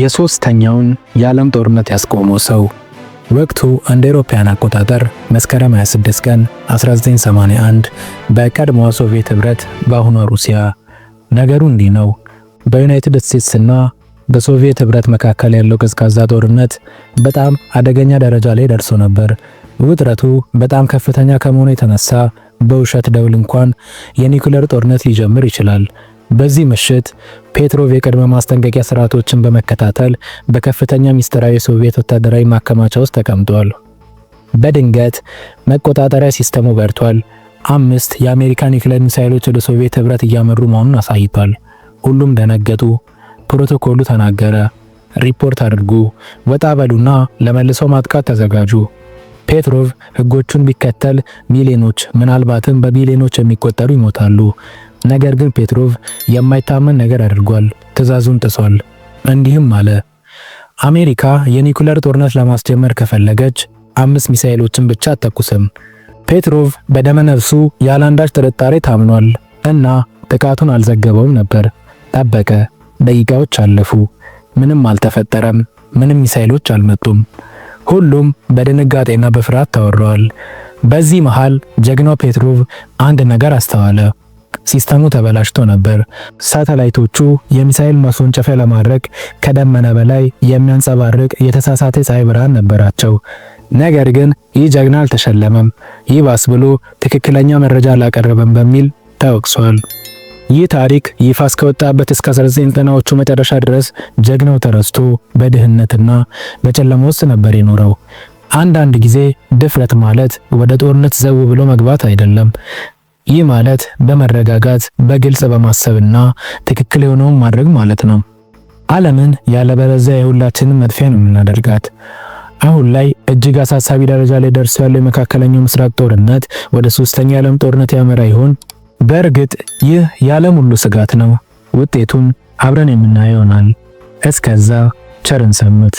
የሶስተኛውን የዓለም ጦርነት ያስቆመው ሰው ወቅቱ እንደ አውሮፓውያን አቆጣጠር መስከረም 26 ቀን 1981 በቀድሞዋ ሶቪየት ኅብረት በአሁኗ ሩሲያ። ነገሩ እንዲህ ነው። በዩናይትድ ስቴትስ በሶቪየት ኅብረት መካከል ያለው ቀዝቃዛ ጦርነት በጣም አደገኛ ደረጃ ላይ ደርሶ ነበር። ውጥረቱ በጣም ከፍተኛ ከመሆኑ የተነሳ በውሸት ደውል እንኳን የኒውክሌር ጦርነት ሊጀምር ይችላል በዚህ ምሽት ፔትሮቭ የቅድመ ማስጠንቀቂያ ስርዓቶችን በመከታተል በከፍተኛ ሚስጥራዊ ሶቪየት ወታደራዊ ማከማቻ ውስጥ ተቀምጧል። በድንገት መቆጣጠሪያ ሲስተሙ በርቷል። አምስት የአሜሪካን የክለብ ሚሳይሎች ወደ ሶቪየት ህብረት እያመሩ መሆኑን አሳይቷል። ሁሉም ደነገጡ። ፕሮቶኮሉ ተናገረ። ሪፖርት አድርጉ፣ ወጣ በሉና ለመልሶ ማጥቃት ተዘጋጁ። ፔትሮቭ ህጎቹን ቢከተል ሚሊዮኖች ምናልባትም በሚሊዮኖች የሚቆጠሩ ይሞታሉ። ነገር ግን ፔትሮቭ የማይታመን ነገር አድርጓል፣ ትዕዛዙን ጥሷል። እንዲህም አለ፣ አሜሪካ የኒኩለር ጦርነት ለማስጀመር ከፈለገች አምስት ሚሳኤሎችን ብቻ አትተኩስም። ፔትሮቭ በደመነፍሱ ያለአንዳች ጥርጣሬ ታምኗል እና ጥቃቱን አልዘገበውም ነበር። ጠበቀ። ደቂቃዎች አለፉ። ምንም አልተፈጠረም። ምንም ሚሳኤሎች አልመጡም። ሁሉም በድንጋጤና በፍርሃት ተወረዋል። በዚህ መሃል ጀግናው ፔትሮቭ አንድ ነገር አስተዋለ። ሲስተሙ ተበላሽቶ ነበር። ሳተላይቶቹ የሚሳኤል ማስወንጨፊያ ለማድረግ ከደመና በላይ የሚያንጸባርቅ የተሳሳተ ፀሐይ ብርሃን ነበራቸው። ነገር ግን ይህ ጀግና አልተሸለመም። ይባስ ብሎ ትክክለኛ መረጃ አላቀረበም በሚል ተወቅሷል። ይህ ታሪክ ይፋ እስከወጣበት እስከ 1990ዎቹ መጨረሻ ድረስ ጀግናው ተረስቶ በድህነትና በጨለማ ውስጥ ነበር የኖረው። አንዳንድ ጊዜ ድፍረት ማለት ወደ ጦርነት ዘው ብሎ መግባት አይደለም፣ ይህ ማለት በመረጋጋት በግልጽ በማሰብና ትክክል የሆነውን ማድረግ ማለት ነው። ዓለምን ያለበለዚያ የሁላችንም መጥፊያ ነው የምናደርጋት። አሁን ላይ እጅግ አሳሳቢ ደረጃ ላይ ደርሶ ያለው የመካከለኛው ምስራቅ ጦርነት ወደ ሶስተኛ የዓለም ጦርነት ያመራ ይሆን? በእርግጥ ይህ የዓለም ሁሉ ስጋት ነው። ውጤቱን አብረን የምናየው ይሆናል። እስከዛ ቸርን ሰምት